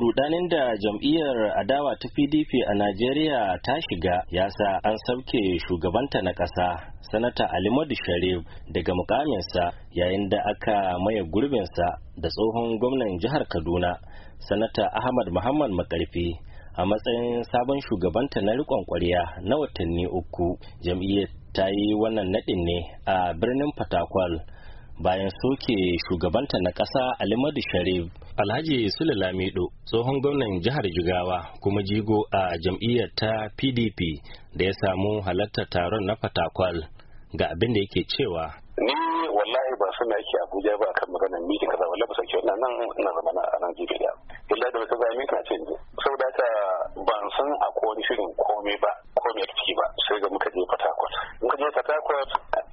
rudanin da jam'iyyar adawa ta pdp a najeriya ta shiga ya sa an sauke shugabanta na ƙasa sanata alimadu sharif daga mukaminsa yayin da aka maye gurbinsa da tsohon gwamnan jihar kaduna sanata ahmad muhammad makarfi a matsayin sabon shugabanta na riƙon ƙwarya na watanni uku jam'iyyar ta yi wannan naɗin ne a birnin fatakwal bayan soke shugabanta na ƙasa alimadu sharif Alhaji Sule Lamido tsohon gwamnan jihar Jigawa kuma jigo a jam'iyyar ta PDP da ya samu halartar taron na Fatakwal ga abin da yake cewa. Ni wallahi ba suna yake Abuja ba kan maganar mikin kaza wallahi ba sauke wannan nan ina zama na a nan jibiya da. Illa da wata zami na ce ne. Saboda aka ban san a wani shirin komai ba komai a ciki ba sai ga muka je Fatakwal. Muka je Fatakwal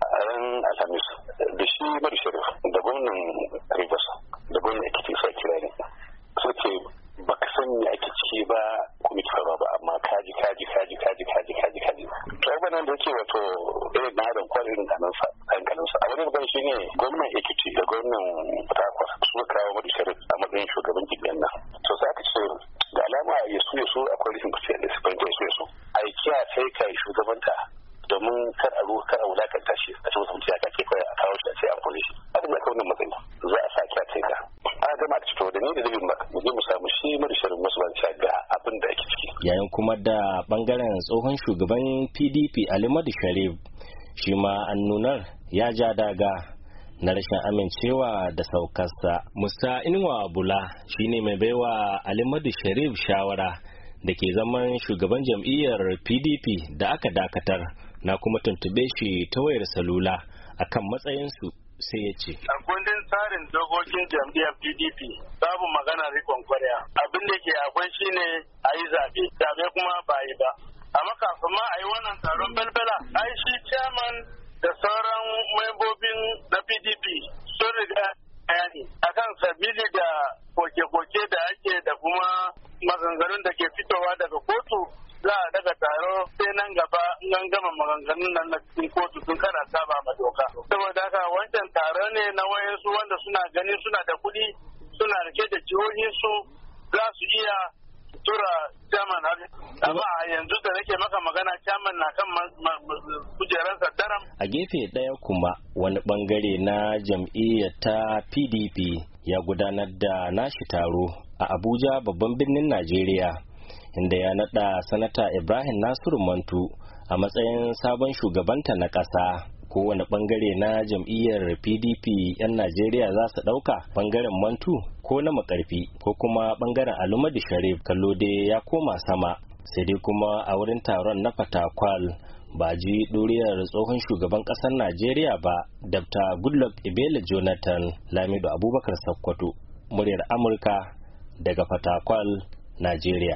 a ran Alhamis da shi Madu Sharif da gwamnan Rivers ce ba kuma tsaro ba amma kaji kaji kaji kaji kaji kaji kaji to nan da yake wato eh, irin na da kwarin da ganinsa sa. a wani ban shi ne gwamnan ekiti da gwamnan takwas su kawo mu sharif a matsayin shugaban jirgin nan to sai ka ce da alama ya so ya so akwai rashin kusa da su fahimta ya so ya so a yi kiya sai ka yi shugabanta domin kar a ruwa kar a wulakanta shi a cikin mutum ya kake kawai a kawo shi a ce an kone shi abin da kawai ni da zai mu je mu samu shi ga abin da ake ciki yayin kuma da bangaren tsohon shugaban pdp alimadu sharif shi ma an nunar ya ja daga na rashin amincewa da saukarsa musa inuwa bula shi ne mai baiwa alimadu sharif shawara da ke zaman shugaban jam'iyyar pdp da aka dakatar na kuma tuntube shi ta wayar salula akan matsayinsu sai ya ce. A kundin tsarin cikin jam'iyyar pdp babu magana rikon kwarya abin da ke akwai shine a yi zaɓe zaɓe kuma ba yi ba amma kafin ma a yi wannan taron balbala. ai shi chairman da sauran membobin na pdp sun riga bayani akan sabili da koke-koke da ake da kuma maganganun da ke fitowa daga kotu za a daga taro sai nan gama maganganun nan na cikin kotu sun kana saba ma doka saboda haka wancan taro ne na wayansu wanda suna gani suna da kuɗi suna rike da jihohinsu za su iya tura chairman har amma a yanzu da nake maka magana chairman na kan kujeransa daram a gefe ɗaya kuma wani bangare na jam'iyyar ta pdp ya gudanar da nashi taro a abuja babban birnin najeriya inda ya nada sanata ibrahim nasiru mantu a matsayin sabon shugabanta na ƙasa. kowane bangare na jam'iyyar pdp 'yan najeriya za su ɗauka bangaren mantu ko na makarfi ko kuma bangaren alumadi sharif kallo dai ya koma sama sai dai kuma a wurin taron na fatakwal ba ji ɗuriyar tsohon shugaban ƙasar najeriya ba dr goodluck ibele jonathan lamido abubakar sakkwato muryar amurka daga fatakwal najeriya